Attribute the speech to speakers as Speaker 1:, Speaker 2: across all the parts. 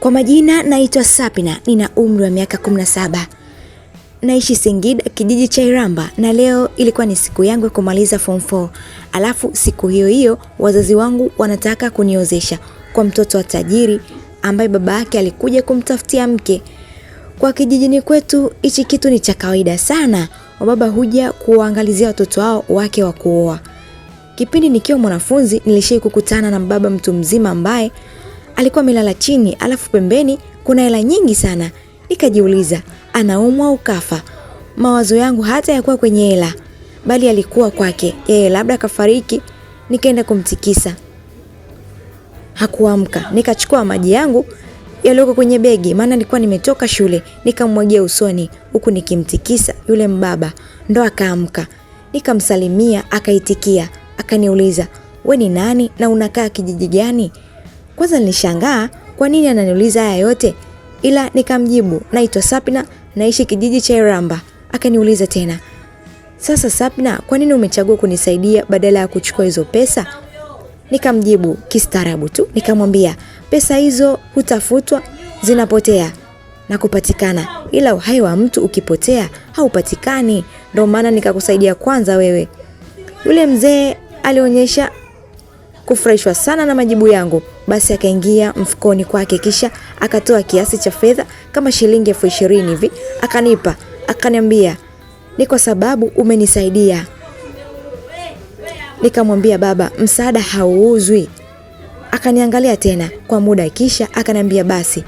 Speaker 1: Kwa majina naitwa Sapina, nina umri wa miaka 17. Naishi Singida, kijiji cha Iramba, na leo ilikuwa ni siku yangu ya kumaliza form 4. Alafu siku hiyo hiyo wazazi wangu wanataka kuniozesha kwa mtoto wa tajiri ambaye baba yake alikuja kumtafutia mke. Kwa kijijini kwetu hichi kitu ni cha kawaida sana, wababa huja kuwaangalizia watoto wao wake wa kuoa. Kipindi nikiwa mwanafunzi nilishai kukutana na mbaba mtu mzima ambaye alikuwa amelala chini, alafu pembeni kuna hela nyingi sana. Nikajiuliza, anaumwa au kafa? Mawazo yangu hata yakuwa kwenye hela, bali alikuwa kwake yeye, labda kafariki. Nikaenda kumtikisa, hakuamka. Nikachukua maji yangu yaliyoko kwenye begi, maana nilikuwa nimetoka shule, nikamwagia usoni huku nikimtikisa yule mbaba, ndo akaamka. Nikamsalimia akaitikia, akaniuliza we ni nani na unakaa kijiji gani? Kwanza nilishangaa kwa nini ananiuliza haya yote, ila nikamjibu, naitwa Sapna, naishi kijiji cha Iramba. Akaniuliza tena, sasa Sapna, kwa nini umechagua kunisaidia badala ya kuchukua hizo pesa? Nikamjibu kistaarabu tu, nikamwambia pesa hizo hutafutwa, zinapotea na kupatikana, ila uhai wa mtu ukipotea haupatikani. Ndio maana nikakusaidia kwanza wewe. Yule mzee alionyesha kufurahishwa sana na majibu yangu, basi akaingia mfukoni kwake, kisha akatoa kiasi cha fedha kama shilingi elfu ishirini hivi, akanipa, akaniambia ni kwa sababu umenisaidia. Nikamwambia baba, msaada hauuzwi. Akaniangalia tena kwa muda, kisha akaniambia basi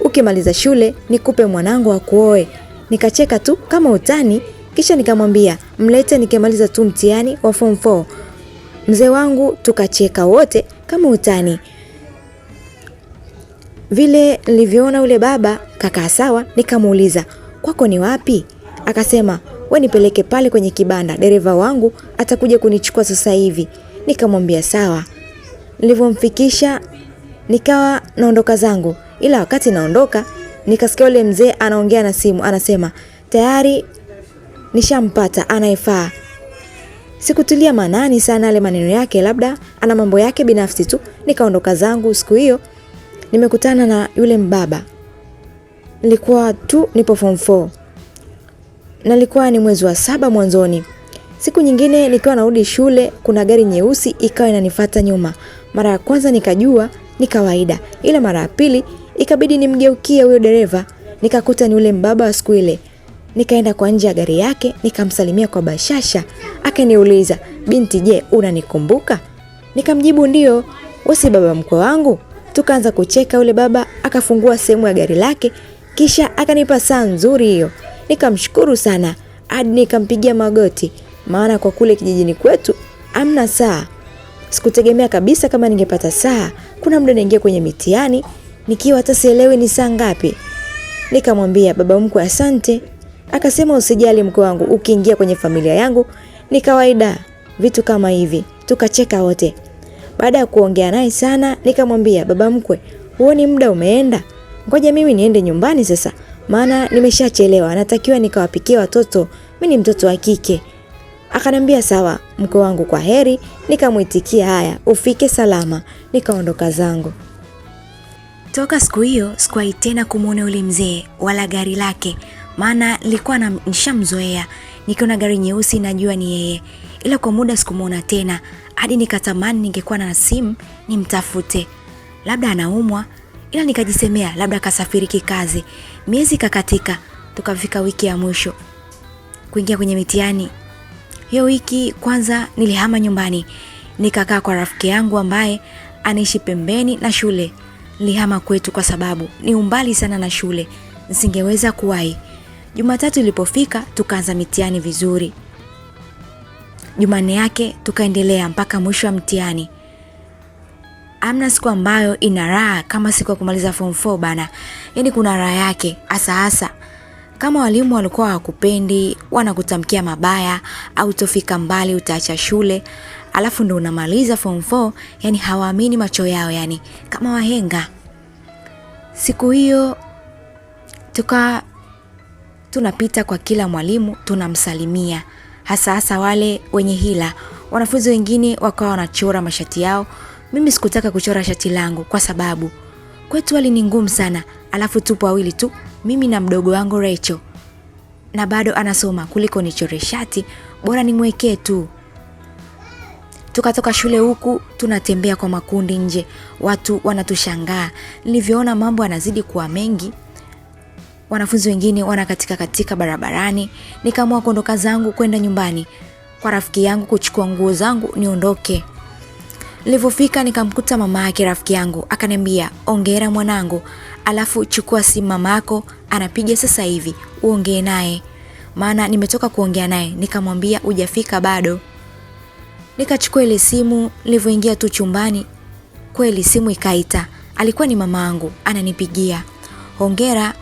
Speaker 1: ukimaliza shule nikupe mwanangu akuoe. Nikacheka tu kama utani, kisha nikamwambia mlete nikimaliza tu mtihani wa form 4 Mzee wangu tukacheka wote kama utani. Vile nilivyoona yule baba kakaa sawa, nikamuuliza kwako ni wapi? Akasema we nipeleke pale kwenye kibanda, dereva wangu atakuja kunichukua sasa hivi. Nikamwambia sawa. Nilivyomfikisha nikawa naondoka zangu, ila wakati naondoka nikasikia ule mzee anaongea na simu, anasema tayari nishampata anayefaa. Sikutulia maanani sana yale maneno yake, labda ana mambo yake binafsi tu. Nikaondoka zangu. Siku hiyo nimekutana na yule mbaba, nilikuwa tu nipo form 4 nalikuwa ni mwezi wa saba mwanzoni. Siku nyingine nikiwa narudi shule, kuna gari nyeusi ikawa inanifata nyuma. Mara ya kwanza nikajua ni kawaida, ila mara ya pili ikabidi nimgeukie huyo dereva, nikakuta ni ule mbaba wa siku ile. Nikaenda kwa nje ya gari yake nikamsalimia kwa bashasha. Akaniuliza, binti, je, unanikumbuka? Nikamjibu ndio wasi baba mkwe wangu? Tukaanza kucheka. Yule baba akafungua sehemu ya gari lake, kisha akanipa saa nzuri hiyo. Nikamshukuru sana hadi nikampigia magoti, maana kwa kule kijijini kwetu amna saa. Sikutegemea kabisa kama ningepata saa. Kuna muda naingia kwenye mitihani nikiwa hata sielewi ni saa ngapi. Nikamwambia baba mkwe, asante Akasema, usijali mke wangu, ukiingia kwenye familia yangu ni kawaida vitu kama hivi. Tukacheka wote. Baada ya kuongea naye sana, nikamwambia baba mkwe, huoni muda umeenda? Ngoja mimi niende nyumbani sasa, maana nimeshachelewa, natakiwa nikawapikia watoto, mimi ni mtoto wa kike. Akanambia sawa mke wangu, kwa heri. Nikamwitikia haya, ufike salama. Nikaondoka zangu. Toka siku hiyo sikuwahi tena kumwona yule mzee wala gari lake maana nilikuwa nishamzoea, nikiona gari nyeusi najua ni yeye, ila kwa muda sikumwona tena hadi nikatamani ningekuwa na simu nimtafute, labda anaumwa, ila nikajisemea labda kasafiri kikazi. Miezi kakatika, tukafika wiki ya mwisho kuingia kwenye mitihani. Hiyo wiki kwanza nilihama nyumbani, nikakaa kwa rafiki yangu ambaye anaishi pembeni na shule. Nilihama kwetu kwa sababu ni umbali sana na shule, nisingeweza kuwahi. Jumatatu ilipofika tukaanza mitihani vizuri. Jumanne yake tukaendelea mpaka mwisho wa mtihani. Amna siku ambayo ina raha kama siku ya kumaliza form 4 bana. Yaani kuna raha yake hasa hasa kama walimu walikuwa hawakupendi, wanakutamkia mabaya au utofika mbali, utaacha shule, alafu ndio unamaliza form 4, yani hawaamini macho yao, yani kama wahenga. Siku hiyo tuka tunapita kwa kila mwalimu tunamsalimia, hasa hasa wale wenye hila. Wanafunzi wengine wakawa wanachora mashati yao. Mimi sikutaka kuchora shati langu kwa sababu kwetu hali ni ngumu sana, alafu tupo wawili tu, mimi na mdogo wangu recho na bado anasoma. Kuliko nichore shati, bora nimwekee tu. Tukatoka shule huku tunatembea kwa makundi nje, watu wanatushangaa. Nilivyoona mambo yanazidi kuwa mengi, wanafunzi wengine wanakatika katika barabarani. Nikaamua kuondoka zangu kwenda nyumbani kwa rafiki yangu kuchukua nguo zangu niondoke. Nilivyofika nikamkuta mama yake rafiki yangu, akaniambia ongera mwanangu, alafu chukua simu mamako anapiga sasa hivi uongee naye, maana nimetoka kuongea naye. Nikamwambia ujafika bado. Nikachukua ile simu, nilivyoingia tu chumbani, kweli simu ikaita, alikuwa ni mama yangu ananipigia. Hongera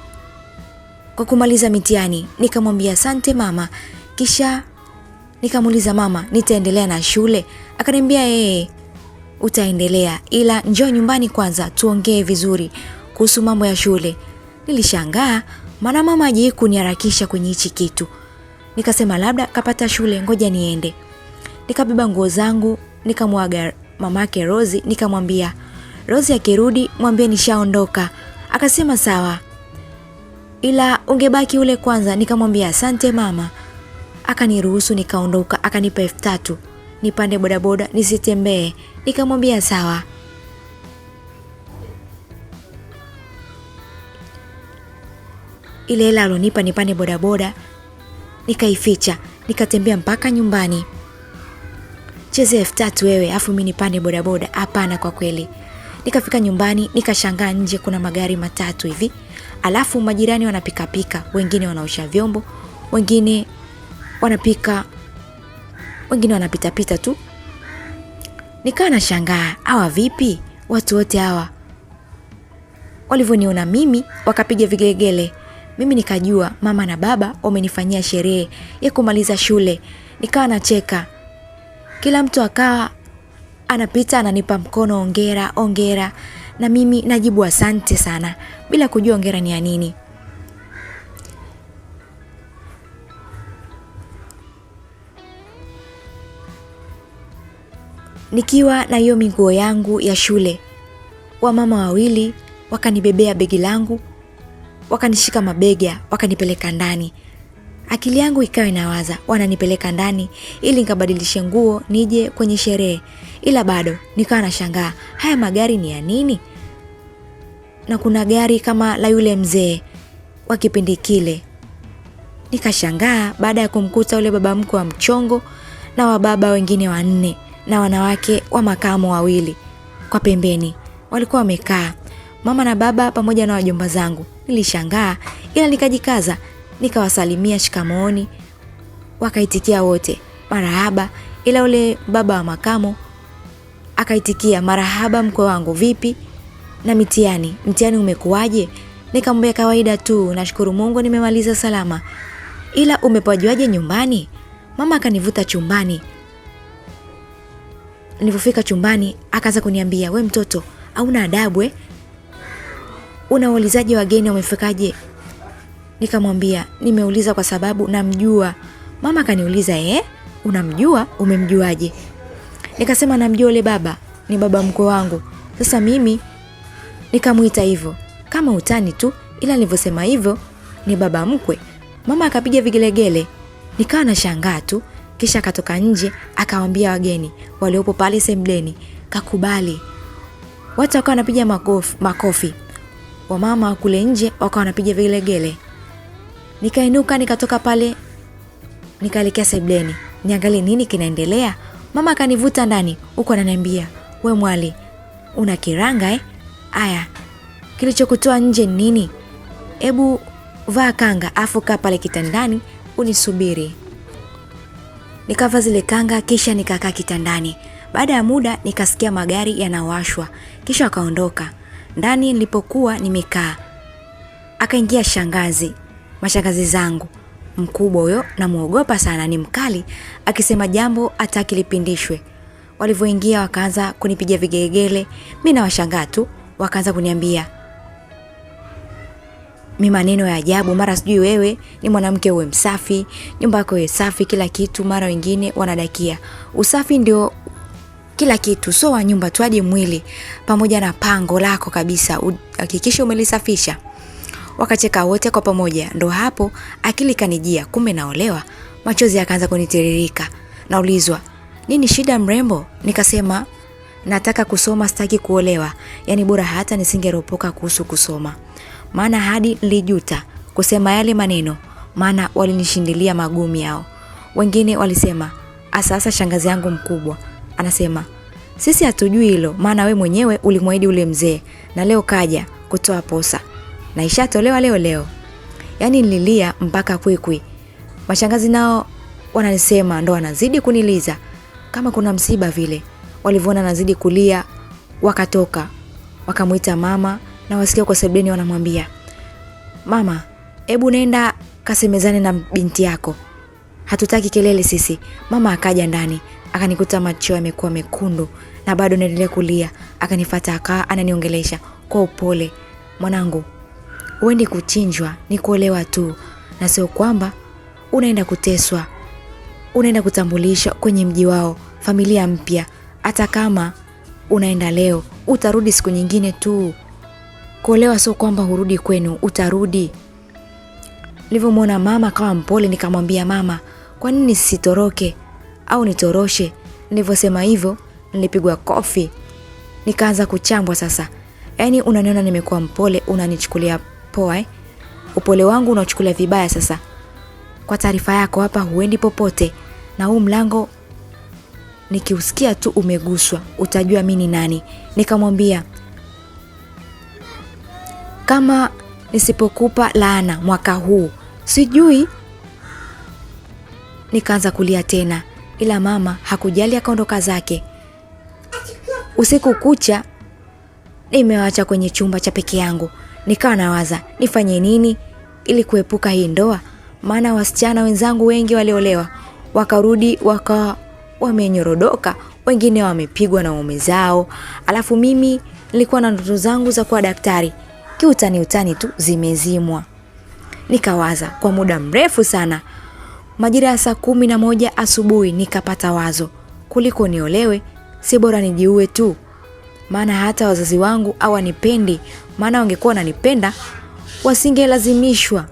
Speaker 1: kwa kumaliza mitihani. Nikamwambia asante mama, kisha nikamuuliza mama, nitaendelea na shule? Akaniambia yeye utaendelea ila njoo nyumbani kwanza tuongee vizuri kuhusu mambo ya shule. Nilishangaa maana mama ajii kuniharakisha kwenye hichi kitu. Nikasema labda kapata shule, ngoja niende. Nikabeba nguo zangu nikamwaga mamake Rozi, nikamwambia Rozi akirudi mwambie nishaondoka. Akasema sawa ila ungebaki ule kwanza. Nikamwambia asante mama, akaniruhusu nikaondoka, akanipa elfu tatu nipande bodaboda nisitembee. Nikamwambia sawa. Ile hela alonipa nipande bodaboda nikaificha, nikatembea mpaka nyumbani. Cheze elfu tatu wewe, afu mimi nipande bodaboda? Hapana, kwa kweli. Nikafika nyumbani, nikashangaa nje kuna magari matatu hivi Alafu majirani wanapikapika, wengine wanaosha vyombo, wengine wanapika, wengine wanapitapita tu. Nikawa nashangaa hawa vipi, watu wote hawa walivyoniona mimi wakapiga vigelegele. Mimi nikajua mama na baba wamenifanyia sherehe ya kumaliza shule. Nikawa nacheka, kila mtu akawa anapita ananipa mkono, ongera, ongera na mimi najibu asante sana bila kujua ongera ni ya nini. Nikiwa na hiyo miguo yangu ya shule, wamama wawili wakanibebea begi langu, wakanishika mabega, wakanipeleka ndani. Akili yangu ikawa inawaza wananipeleka ndani ili nikabadilishe nguo nije kwenye sherehe, ila bado nikawa nashangaa haya magari ni ya nini, na kuna gari kama la yule mzee wa kipindi kile. Nikashangaa baada ya kumkuta ule baba mkwe wa mchongo na wababa wengine wanne na wanawake wa makamo wawili kwa pembeni walikuwa wamekaa mama na baba pamoja na wajomba zangu. Nilishangaa ila nikajikaza nikawasalimia shikamooni, wakaitikia wote marahaba, ila ule baba wa makamo akaitikia marahaba, mkwe wangu vipi na mitihani, mtihani umekuwaje? Nikamwambia kawaida tu, nashukuru Mungu nimemaliza salama. Ila umepajuaje nyumbani? Mama akanivuta chumbani. Nilipofika chumbani akaanza kuniambia, we mtoto, hauna adabu eh? Unaulizaje wageni wamefikaje? Nikamwambia nimeuliza kwa sababu namjua. Mama akaniuliza eh, unamjua? Umemjuaje? Nikasema namjua yule baba, ni baba mkwe wangu. Sasa mimi nikamuita hivyo kama utani tu, ila nilivyosema hivyo ni baba mkwe. Mama akapiga vigelegele, nikawa na shangaa tu. Kisha akatoka nje akawaambia wageni waliopo pale sembleni, kakubali. Watu wakawa wanapiga makofi, makofi. Wamama kule nje wakawa wanapiga vigelegele. Nikainuka nikatoka pale, nikaelekea sebleni niangalie nini kinaendelea. Mama akanivuta ndani, huko ananiambia we mwali, una kiranga eh? Aya, kilichokutoa nje nini? Hebu vaa kanga afu kaa pale kitandani unisubiri. nikava zile kanga, kisha nikakaa kitandani. Baada ya muda nikasikia magari yanawashwa, kisha akaondoka. Ndani nilipokuwa nimekaa akaingia shangazi Mashangazi zangu mkubwa huyo namwogopa sana, ni mkali, akisema jambo hataki lipindishwe. Walivyoingia wakaanza kunipiga vigelegele, mi nawashangaa tu, wakaanza kuniambia mi maneno ya ajabu, mara sijui wewe ni mwanamke uwe msafi, nyumba yako iwe safi, kila kitu. Mara wengine wanadakia usafi ndio kila kitu, so wa nyumba tuaje mwili pamoja na pango lako kabisa, hakikisha umelisafisha wakacheka wote kwa pamoja. Ndo hapo akili kanijia, kumbe naolewa. Machozi yakaanza kunitiririka. Naulizwa, nini shida mrembo? Nikasema nataka kusoma, sitaki kuolewa. Yaani bora hata nisingeropoka kuhusu kusoma, maana hadi nilijuta kusema yale maneno, maana walinishindilia magumi yao. Wengine walisema asasa, ah, shangazi yangu mkubwa anasema sisi hatujui hilo, maana we mwenyewe ulimwahidi ule mzee na leo kaja kutoa posa na ishatolewa leo leo. Yaani nililia mpaka kwikwi. Mashangazi nao wananisema ndo wanazidi kuniliza kama kuna msiba vile. Walivyoona nazidi kulia wakatoka. Wakamwita mama na wasikia kwa sebuleni wanamwambia, "Mama, hebu nenda kasemezane na binti yako. Hatutaki kelele sisi." Mama akaja ndani, akanikuta macho yamekuwa mekundu na bado naendelea kulia, akanifata akaa ananiongelesha kwa upole, "Mwanangu, uendi kuchinjwa, ni kuolewa tu, na sio kwamba unaenda kuteswa, unaenda kutambulisha kwenye mji wao familia mpya. Hata kama unaenda leo, utarudi siku nyingine tu. Kuolewa sio kwamba hurudi kwenu, utarudi. Nilivyomwona mama akawa mpole, nikamwambia mama, kwa nini sisitoroke au nitoroshe? Nilivyosema hivyo nilipigwa kofi, nikaanza kuchambwa. Sasa yaani, unaniona nimekuwa mpole, unanichukulia Poa eh? Upole wangu unachukulia vibaya sasa. Kwa taarifa yako, hapa huendi popote, na huu mlango nikiusikia tu umeguswa utajua mimi ni nani. Nikamwambia kama nisipokupa laana mwaka huu sijui. Nikaanza kulia tena, ila mama hakujali, akaondoka zake. Usiku kucha nimewacha kwenye chumba cha peke yangu. Nikawa nawaza nifanye nini ili kuepuka hii ndoa, maana wasichana wenzangu wengi waliolewa wakarudi wakawa wamenyorodoka, wengine wamepigwa na ume zao, alafu mimi nilikuwa na ndoto zangu za kuwa daktari, kiutani utani tu zimezimwa. Nikawaza kwa muda mrefu sana. Majira ya saa kumi na moja asubuhi nikapata wazo, kuliko niolewe, si bora nijiue tu, maana hata wazazi wangu hawanipendi, maana wangekuwa wananipenda wasingelazimishwa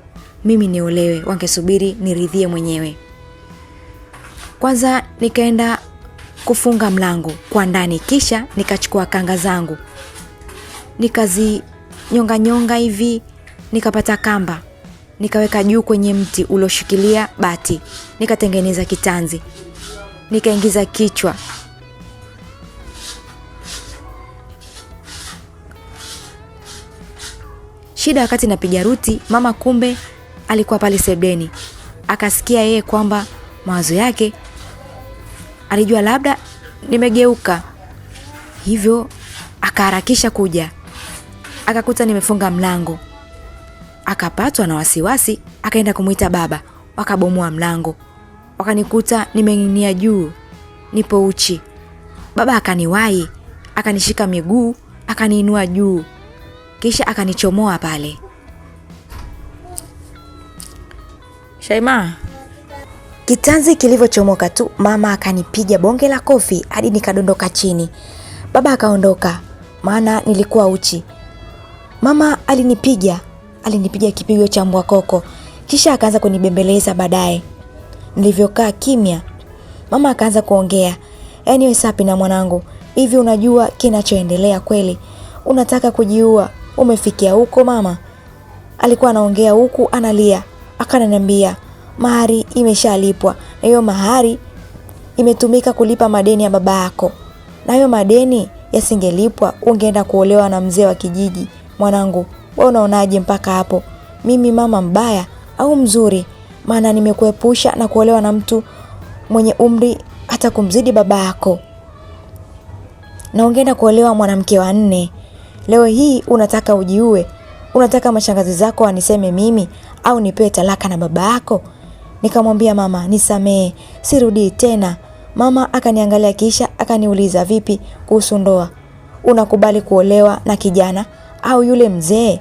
Speaker 1: mimi niolewe, wangesubiri niridhie mwenyewe. Kwanza nikaenda kufunga mlango kwa ndani, kisha nikachukua kanga zangu nikazinyonganyonga hivi, nikapata kamba nikaweka juu kwenye mti ulioshikilia bati, nikatengeneza kitanzi, nikaingiza kichwa Shida wakati napiga ruti, mama kumbe alikuwa pale sebuleni, akasikia yeye kwamba mawazo yake, alijua labda nimegeuka, hivyo akaharakisha kuja, akakuta nimefunga mlango, akapatwa na wasiwasi, akaenda kumwita baba, wakabomoa mlango, wakanikuta nimeninia juu, nipo uchi. Baba akaniwahi, akanishika miguu, akaniinua juu kisha akanichomoa pale. Shaima, kitanzi kilivyochomoka tu, mama akanipiga bonge la kofi hadi nikadondoka chini. Baba akaondoka, maana nilikuwa uchi. Mama alinipiga alinipiga kipigo cha mbwa koko, kisha akaanza kunibembeleza. Baadaye nilivyokaa kimya, mama akaanza kuongea, yaani wewe sapi na mwanangu, hivi unajua kinachoendelea kweli? Unataka kujiua? umefikia huko mama? Alikuwa anaongea huku analia, akananiambia mahari imeshalipwa na hiyo mahari imetumika kulipa madeni ya baba yako, na hiyo madeni yasingelipwa ungeenda kuolewa na mzee wa kijiji. Mwanangu, wewe unaonaje mpaka hapo? Mimi mama mbaya au mzuri? Maana nimekuepusha na kuolewa na mtu mwenye umri hata kumzidi baba yako, na ungeenda kuolewa mwanamke wa nne. Leo hii unataka ujiue? Unataka mashangazi zako aniseme mimi au nipewe talaka na baba yako? Nikamwambia mama, nisamee, sirudii tena. Mama akaniangalia kisha akaniuliza, vipi kuhusu ndoa? Unakubali kuolewa na kijana au yule mzee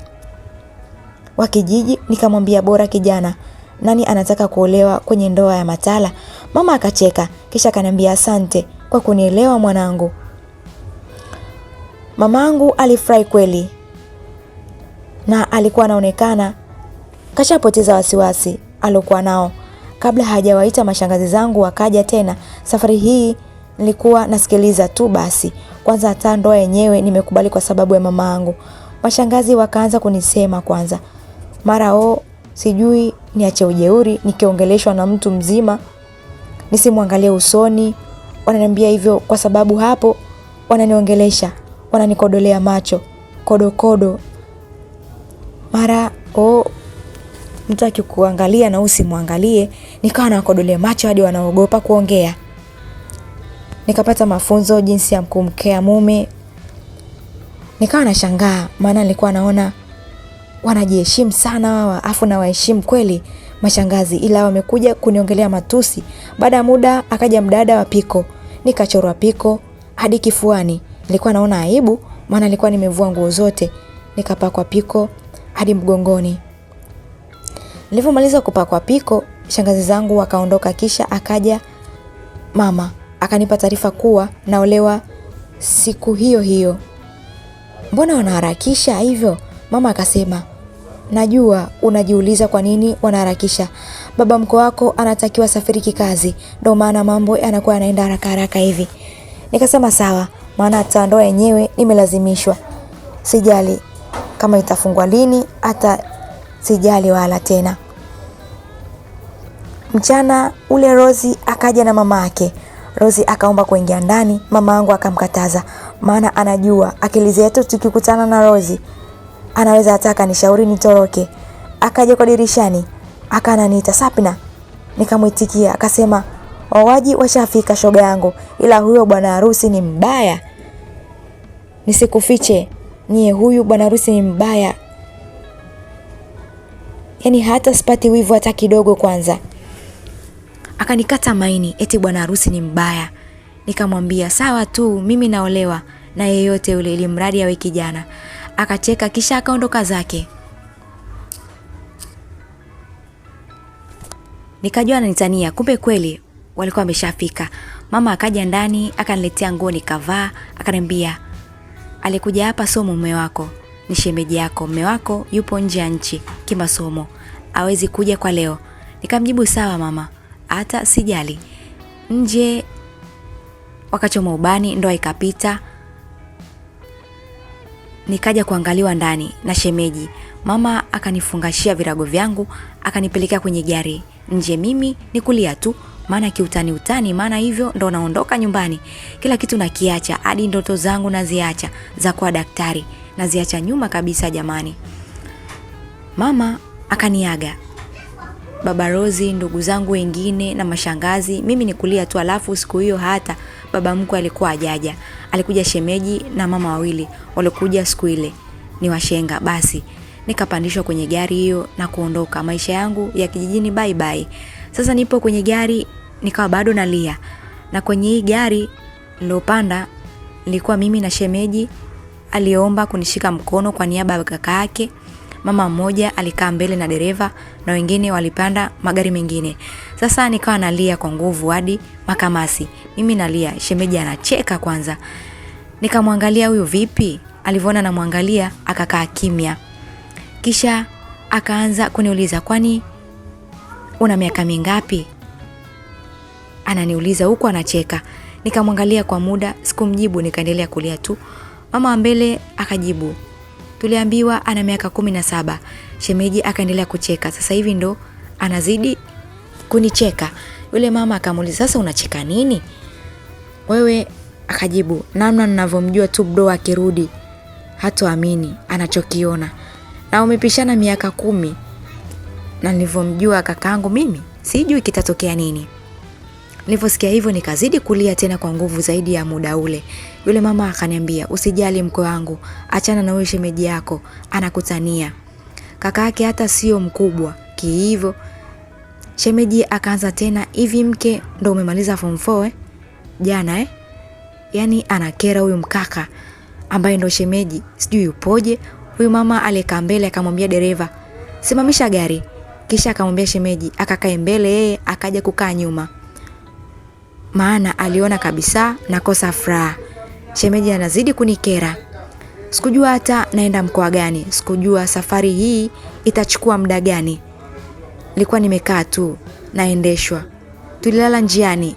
Speaker 1: wa kijiji? Nikamwambia bora kijana, nani anataka kuolewa kwenye ndoa ya matala? Mama akacheka kisha akaniambia, asante kwa kunielewa mwanangu. Mamangu alifurahi kweli, na alikuwa anaonekana kashapoteza wasiwasi alokuwa nao kabla hajawaita mashangazi zangu wakaja tena. Safari hii nilikuwa nasikiliza tu basi. Kwanza hata ndoa yenyewe nimekubali kwa sababu ya mama yangu. Mashangazi wakaanza kunisema kwanza, mara o, sijui niache ujeuri, nikiongeleshwa na mtu mzima nisimwangalie usoni. Wananiambia hivyo kwa sababu hapo wananiongelesha wananikodolea macho kodokodo, mara o oh, mtu akikuangalia na usimwangalie, nikawa nawakodolea macho hadi wanaogopa kuongea. Nikapata mafunzo jinsi ya kumkea mume, nikawa nashangaa, maana nilikuwa naona wanajiheshimu sana wawa, afu na waheshimu kweli mashangazi, ila wamekuja kuniongelea matusi. Baada ya muda akaja mdada wa piko, nikachorwa piko hadi kifuani. Nilikuwa naona aibu, maana nilikuwa nimevua nguo zote, nikapakwa piko hadi mgongoni. Nilivyomaliza kupakwa piko, shangazi zangu wakaondoka, kisha akaja mama akanipa taarifa kuwa naolewa siku hiyo hiyo. Mbona wanaharakisha hivyo? Mama akasema, najua unajiuliza kwa nini wanaharakisha. Baba mko wako anatakiwa safiri kikazi, ndio maana mambo yanakuwa yanaenda haraka haraka hivi. Nikasema sawa, maana hata ndoa yenyewe nimelazimishwa. Sijali kama itafungwa lini, hata sijali wala tena. Mchana ule Rozi akaja na mama yake. Rozi akaomba kuingia ndani, mama yangu akamkataza, maana anajua akili zetu tukikutana na Rozi anaweza hata akanishauri nitoroke. Akaja kwa dirishani, akananiita Sapna, nikamwitikia, akasema wawaji washafika shoga yangu, ila huyo bwana harusi ni mbaya. Nisikufiche nyie, huyu bwana harusi ni mbaya, yaani hata sipati wivu hata kidogo. Kwanza akanikata maini, eti bwana harusi ni mbaya. Nikamwambia sawa tu, mimi naolewa na yeyote yule, ili mradi awe kijana. Akacheka kisha akaondoka zake. Nikajua ananitania, kumbe kweli walikuwa wameshafika. Mama akaja ndani akaniletea nguo nikavaa, akaniambia alikuja hapa somo mume wako, ni shemeji yako. Mume wako yupo nje ya nchi kimasomo, awezi kuja kwa leo. Nikamjibu sawa mama, hata sijali. Nje wakachoma ubani, ndoa ikapita. Nikaja kuangaliwa ndani na shemeji. Mama akanifungashia virago vyangu akanipelekea kwenye gari. Nje mimi ni kulia tu maana kiutani utani, maana hivyo ndo naondoka nyumbani, kila kitu nakiacha, hadi ndoto zangu naziacha za kuwa daktari, naziacha nyuma kabisa jamani. Mama akaniaga, baba Rozi, ndugu zangu wengine na mashangazi, mimi nikulia tu. Alafu siku hiyo hata baba mkwe alikuwa ajaja, alikuja shemeji na mama wawili waliokuja siku ile, ni washenga. Basi nikapandishwa kwenye gari hiyo na kuondoka. Maisha yangu ya kijijini bye bye. Sasa nipo kwenye gari nikawa bado nalia, na kwenye hii gari nilopanda nilikuwa mimi na shemeji aliomba kunishika mkono kwa niaba ya kaka yake. Mama mmoja alikaa mbele na dereva na wengine walipanda magari mengine. Sasa nikawa nalia kwa nguvu hadi makamasi. Mimi nalia, shemeji anacheka kwanza. Nikamwangalia huyu vipi? Alivyoona namwangalia akakaa kimya. Kisha akaanza kuniuliza, "Kwani una miaka mingapi?" Ananiuliza huku anacheka. Nikamwangalia kwa muda, sikumjibu, nikaendelea kulia tu. Mama wa mbele akajibu, tuliambiwa ana miaka kumi na saba. Shemeji akaendelea kucheka, sasa hivi ndo anazidi kunicheka. Yule mama akamuuliza, sasa unacheka nini wewe? Akajibu, namna ninavyomjua tu, bdo akirudi hatoamini anachokiona, na umepishana miaka kumi, na nilivyomjua kakangu mimi sijui kitatokea nini. Nilivyosikia hivyo nikazidi kulia tena kwa nguvu zaidi ya muda ule. Yule mama akaniambia, usijali mkwe wangu, achana na huyo shemeji yako, anakutania. Kaka yake hata sio mkubwa kihivyo. Shemeji akaanza tena, hivi mke ndo umemaliza form 4 eh? Jana eh? Yaani anakera huyu mkaka ambaye ndo shemeji, sijui upoje. Huyu mama alikaa mbele akamwambia dereva, simamisha gari. Kisha akamwambia shemeji akakae mbele, yeye akaja kukaa nyuma maana aliona kabisa nakosa furaha. Shemeji anazidi kunikera. Sikujua hata naenda mkoa gani, sikujua safari hii itachukua muda gani. Nilikuwa nimekaa tu naendeshwa, tulilala njiani.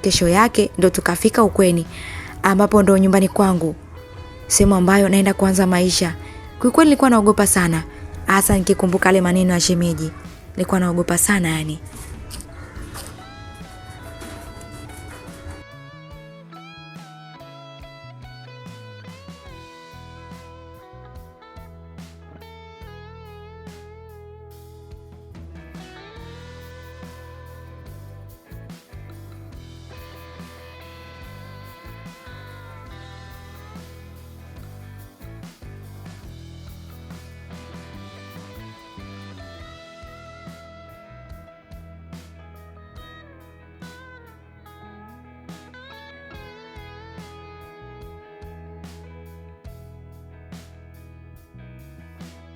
Speaker 1: Kesho yake ndo tukafika ukweni, ambapo ndo nyumbani kwangu, sehemu ambayo naenda kuanza maisha. Kwa kweli nilikuwa naogopa sana, hasa nikikumbuka yale maneno ya shemeji, nilikuwa naogopa sana yani.